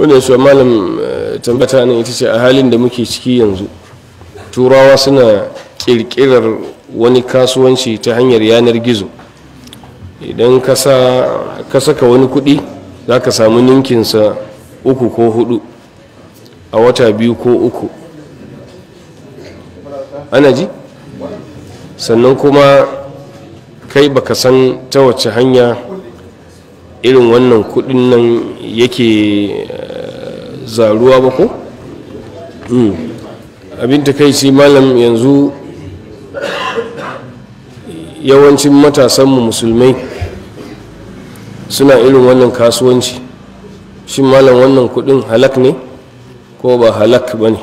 wanda ya malam eh, tambata ne ita ce a halin da muke ciki yanzu turawa suna kirkirar wani kasuwanci ta hanyar yanar gizo idan ka saka wani kuɗi za ka samu ninkinsa uku ko hudu a wata biyu ko uku ana ji sannan kuma kai baka san ta wace hanya irin wannan kudin nan yake eh, zaruwa ba ko? Hmm. abin ta kai shi malam yanzu yawancin matasanmu musulmai suna irin wannan kasuwanci shi malam wannan kudin halak ne ko ba halak ba ne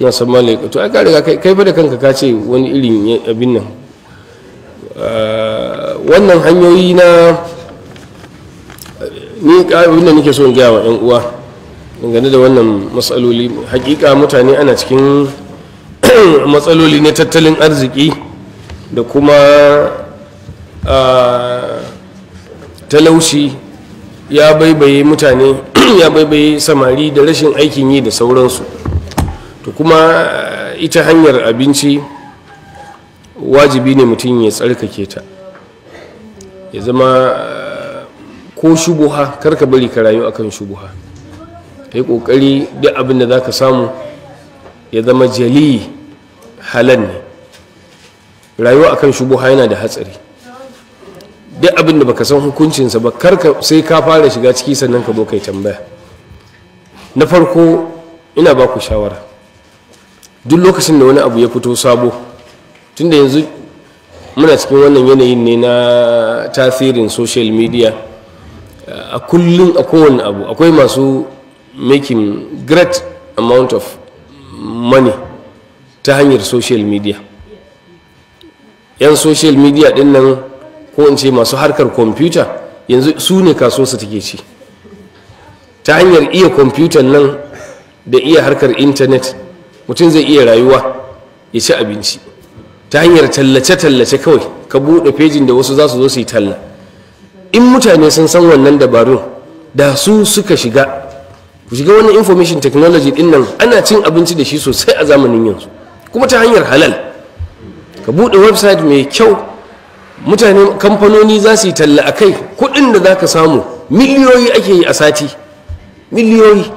na san laikatu to ai ka kai fa da kanka ka ce wani irin abin nan eh, wannan hanyoyi na ni abin da nake so in gaya wa 'yan uwa dangane da wannan matsaloli hakika mutane ana cikin matsaloli na tattalin arziki da kuma talaushi ya baibaye mutane ya baibaye samari da rashin aikin yi da sauransu to kuma ita hanyar abinci wajibi ne mutum ya tsarkake ta ya zama ko shubuha kar ka bari ka rayu akan shubuha kai kokari duk abin da zaka samu ya zama jali halan ne rayuwa akan shubuha yana da hatsari duk abin da baka san hukuncin sa ba kar ka sai ka fara shiga ciki sannan ka zo kai tambaya na farko ina baku shawara duk lokacin da wani abu ya fito sabo tunda yanzu muna cikin wannan yanayin ne na tasirin social media a kullum a kowane abu akwai masu making great amount of money ta hanyar social media yan social media din nan ko in ce masu harkar computer yanzu su ne kasuwarsu take ci ta hanyar iya computer nan da iya harkar intanet mutum zai iya rayuwa ya ci abinci ta hanyar tallace-tallace kawai ka buɗe fejin da wasu za su zo su yi talla in mutane sun san wannan dabarun da su suka shiga ku shiga wani information technology din nan ana cin abinci da shi sosai a zamanin yanzu kuma ta hanyar halal ka buɗe website mai kyau mutane kamfanoni za su yi talla a kai kuɗin da za ka samu miliyoyi ake yi a sati miliyoyi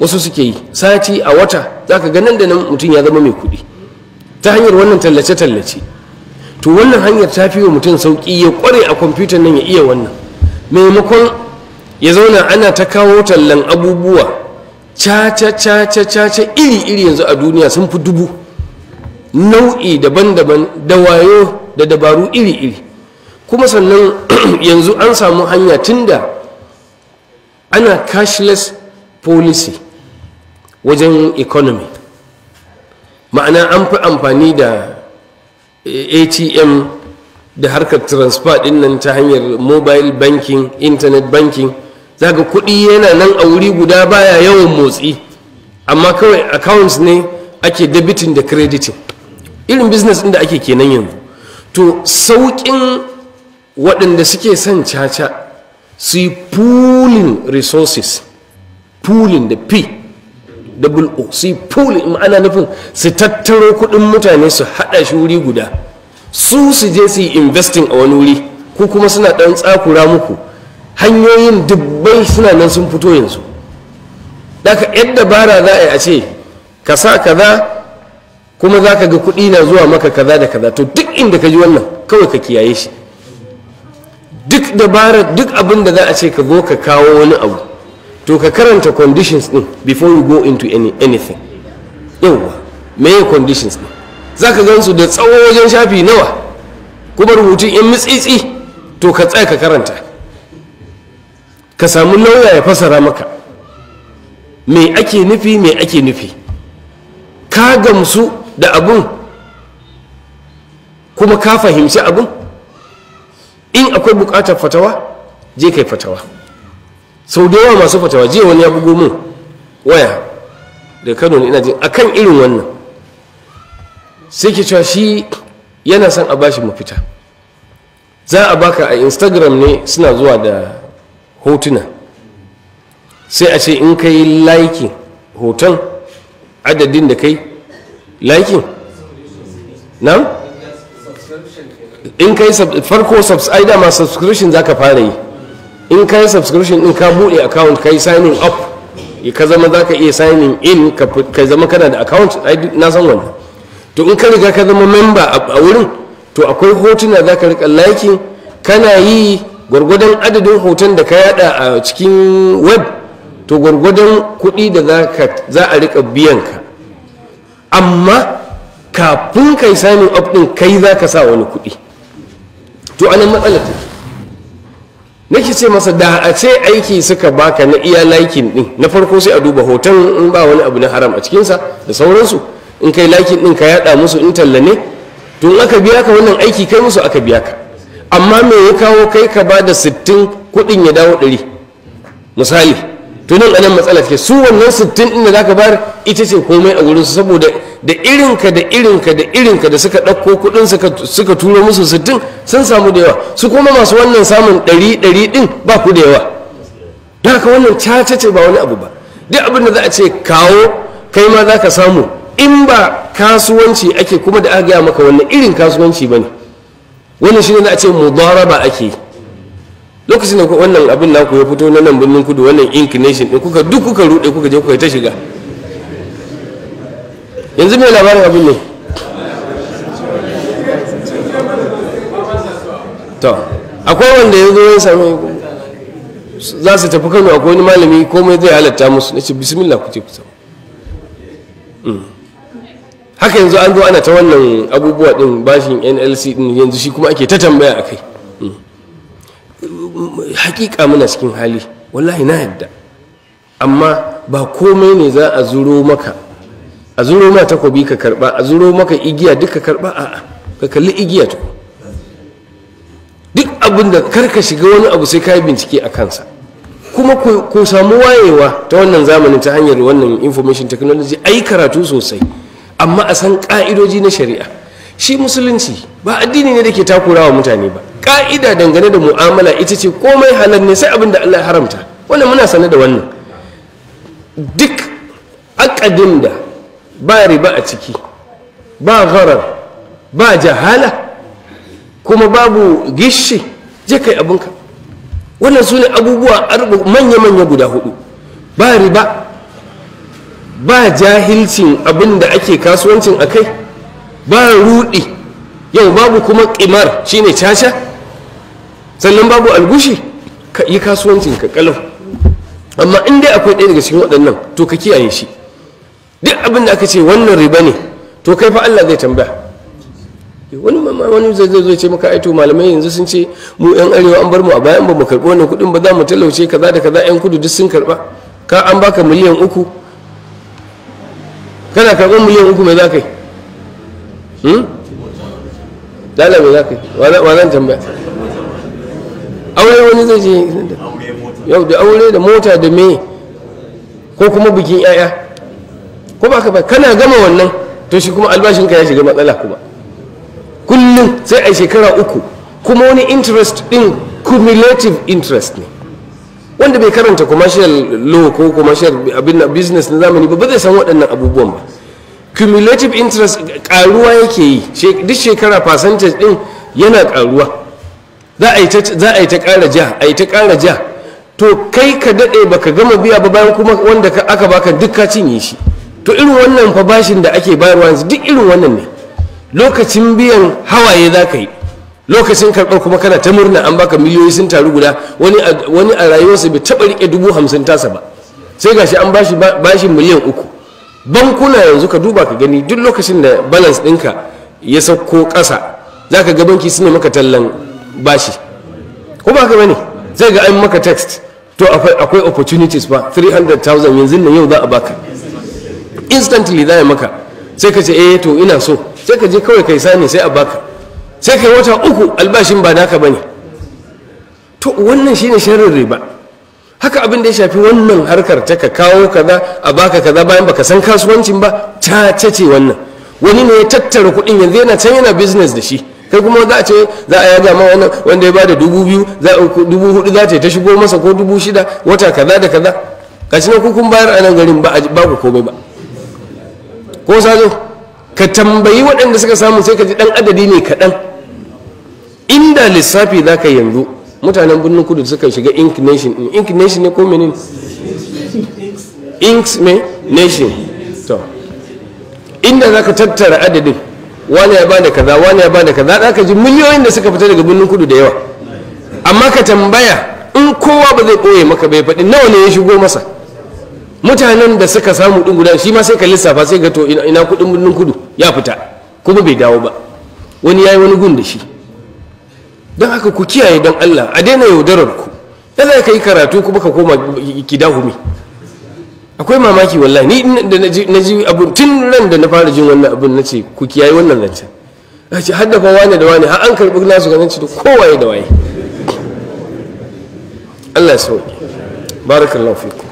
wasu suke yi sati a wata za ka ga nan da nan mutum ya zama mai kuɗi ta hanyar wannan tallace-tallace to wannan hanyar ta fi wa mutum sauƙi ya ƙware a kwamfutan nan ya iya wannan maimakon ya zauna ana ta kawo tallan abubuwa caca caca caca iri iri yanzu a duniya sun fi dubu nau'i daban-daban da wayo da dabaru iri iri kuma sannan yanzu an samu hanya tunda ana cashless policy wajen economy ma'ana an fi amfani da atm da harkar transfer din nan ta hanyar mobile banking internet banking zaka kuɗi yana nan a wuri guda baya yawan motsi amma kawai accounts ne ake debiting da crediting irin business ɗin da ake kenan yanzu to sauƙin waɗanda suke son caca su yi pooling resources pooling da p double o su yi pool in ana nufin su tattaro kudin mutane su hada shi wuri guda su su je su yi investing a wani wuri ko kuma suna ɗan tsakura muku hanyoyin dubbai suna nan sun fito yanzu daga yadda bara za a yi a ce ka sa kaza kuma za ka ga kuɗi na zuwa maka kaza da kaza to duk inda ka ji wannan kawai ka kiyaye shi duk dabara duk abin da za a ce ka zo ka kawo wani abu to ka karanta conditions din before you go into any, anything yawwa meye conditions din za ka gansu da tsawo wajen shafi nawa kuma rubutun in mitsitsi to ka tsaya ka karanta ka samu lauya ya fasara maka me ake nufi me ake nufi ka gamsu da abun kuma ka fahimci abun in akwai bukatar fatawa je kai fatawa sau da yawa masu fatawa jiya wani ya bugo mun waya da kano ne ina jin akan irin wannan sai ke cewa shi yana son a bashi mafita za a baka a instagram ne suna zuwa da hotuna sai a ce in kai laiki hoton adadin da kai laiki na? in kai farko subscribe ma subscription za ka fara yi in ka yi subscription din ka buɗe account ka yi signing up ka zama za ka iya signing in ka zama kana da account na san wanda to in ka riga ka zama member a wurin to akwai hotuna za ka rika liking kana yi gwargwadon adadin hoton da ka yada a cikin web to gwargwadon kuɗi da za a rika biyan ka amma kafin kai signing up din kai za ka sa wani kuɗi to anan matsalar take nake ce masa da a ce aiki suka baka na iya laikin din na farko sai a duba hoton in ba wani abu na haram a cikinsa da sauransu in kai laikin din ka yada musu in talla ne to in aka biya ka wannan aiki kai musu aka biya ka amma me ya kawo kai ka ba da sittin kuɗin ya dawo ɗari misali to nan anan matsala take su wannan sittin din da zaka bayar ita ce komai a wurinsu saboda da irinka da irinka da irinka da suka ɗauko kuɗin suka tura musu sittin sun samu da yawa su kuma masu wannan samun ɗari ɗari ɗin ba ku da yawa don haka wannan caca ce ba wani abu ba duk abin da za a ce kawo kai ma za ka samu in ba kasuwanci ake kuma da aka gaya maka wannan irin kasuwanci ba ne wannan shi ne za a ce ba ake lokacin da wannan abin naku ya fito na nan birnin kudu wannan inclination ɗin kuka duk kuka rude kuka je kuka ta shiga yanzu mai labarin abin ne to akwai wanda ya zo ya sami za su tafi kano akwai wani malami komai zai halatta musu na ce bismillah ku ce kusa hmm. haka yanzu an zo ana ta wannan abubuwa din bashin nlc din yanzu shi kuma ake ta tambaya a kai hmm. hakika muna cikin hali wallahi na yadda amma ba komai ne za a zuro maka a zuro ma takobi ka karba a zuro maka igiya duka karba a'a ka kalli igiya to duk abin da karka shiga wani abu sai ka yi bincike a kansa kuma ku samu wayewa ta wannan zamani ta hanyar wannan information technology a yi karatu sosai amma a san ka'idoji na shari'a shi musulunci ba addini ne da ke takura wa mutane ba ka'ida dangane da mu'amala ita ce komai halar ne sai abin da allah haramta wannan muna sane da wannan duk akadin da ba riba a ciki ba gharar ba jahala kuma babu gishi je kai abinka wannan su ne abubuwa manya-manya guda hudu ba riba ba jahilcin abin da ake kasuwancin a kai ba rudi yau babu kuma ƙimar shine caca sannan babu algushi ka yi kasuwancin ka kalau amma in dai akwai ɗaya daga cikin waɗannan to ka kiyaye shi duk abin da aka ce wannan riba ne to kai fa Allah zai tambaya wani wani zai zo ce maka aito malamai yanzu sun ce mu yan arewa an bar mu a bayan ba mu karɓi wannan kuɗin ba za mu talauce kaza da kaza yan kudu duk sun karɓa ka an baka miliyan uku kana karɓar miliyan uku mai za ka yi hmm? dala mai za ka yi wa zan tambaya aure wani zai je yau da aure da mota da me ko kuma bikin 'ya'ya ko ba ka ba kana gama wannan to shi kuma ka ya shiga matsala kuma kullum sai a shekara uku kuma wani interest din cumulative interest ne wanda bai karanta commercial law ko commercial abin business na zamani ba zai san waɗannan abubuwan ba cumulative interest karuwa yake yi duk shekara percentage din yana karuwa za a yi ta kara ja a yi ta kara ja to kai ka daɗe baka gama biya ba bayan kuma wanda aka baka duk ka cinye shi to irin wannan fa bashin da ake bayarwa yanzu duk irin wannan ne lokacin biyan hawaye za ka yi lokacin karɓar kuma kana ta murna an baka miliyoyi sun taru guda wani a rayuwarsa bai taɓa riƙe dubu hamsin tasa ba sai gashi an bashi bashin miliyan uku bankuna yanzu ka duba ka gani duk lokacin da balance ɗinka ya sauko ƙasa za ka ga banki su ne maka tallan bashi ko ba ka bane zai ga an maka text to akwai opportunities ba 300,000 yanzu nan yau za a baka instantly za ya maka sai ka ce eh to ina so sai ka je kawai kai sani sai a baka sai kai wata uku albashin ba naka bane to wannan shine sharrin riba haka abin da ya shafi wannan harkar ta ka kawo kaza a baka kaza bayan baka san kasuwancin ba ta ce wannan wani ne ya tattara kuɗin yanzu yana can yana business da shi kai kuma za a ce za a yaga ma wannan wanda ya bada dubu biyu dubu hudu za ta ta shigo masa ko dubu shida wata kaza da kaza gashi na kukun bayar a nan garin ba ku komai ba ko zo ka tambayi waɗanda suka samu sai ka ji ɗan adadi ne kaɗan inda lissafi za ka yanzu mutanen birnin kudu suka shiga ink nation in ink nation ne ko menin ink me nation to inda za ka tattara adadin wani ya bada kaza wani ya bada kaza za ka ji miliyoyin da suka fita daga birnin kudu da yawa amma ka tambaya in kowa ba zai ɓoye maka bai faɗi nawa ne ya shigo masa mutanen da suka samu ɗin guda shi ma sai ka lissafa sai ga to ina kuɗin birnin kudu ya fita kuma bai dawo ba wani ya yi wani gun da shi don haka ku kiyaye don allah a daina yaudarar ku da za ka yi karatu kuma ka koma kidahumi akwai mamaki wallahi ni da na ji abun tun ran da na fara jin wannan abun na ce ku kiyaye wannan zancen a ce haddafa wani da wani har an karɓi nasu ganin ce kowaye da waye allah ya sauke barakallahu fiku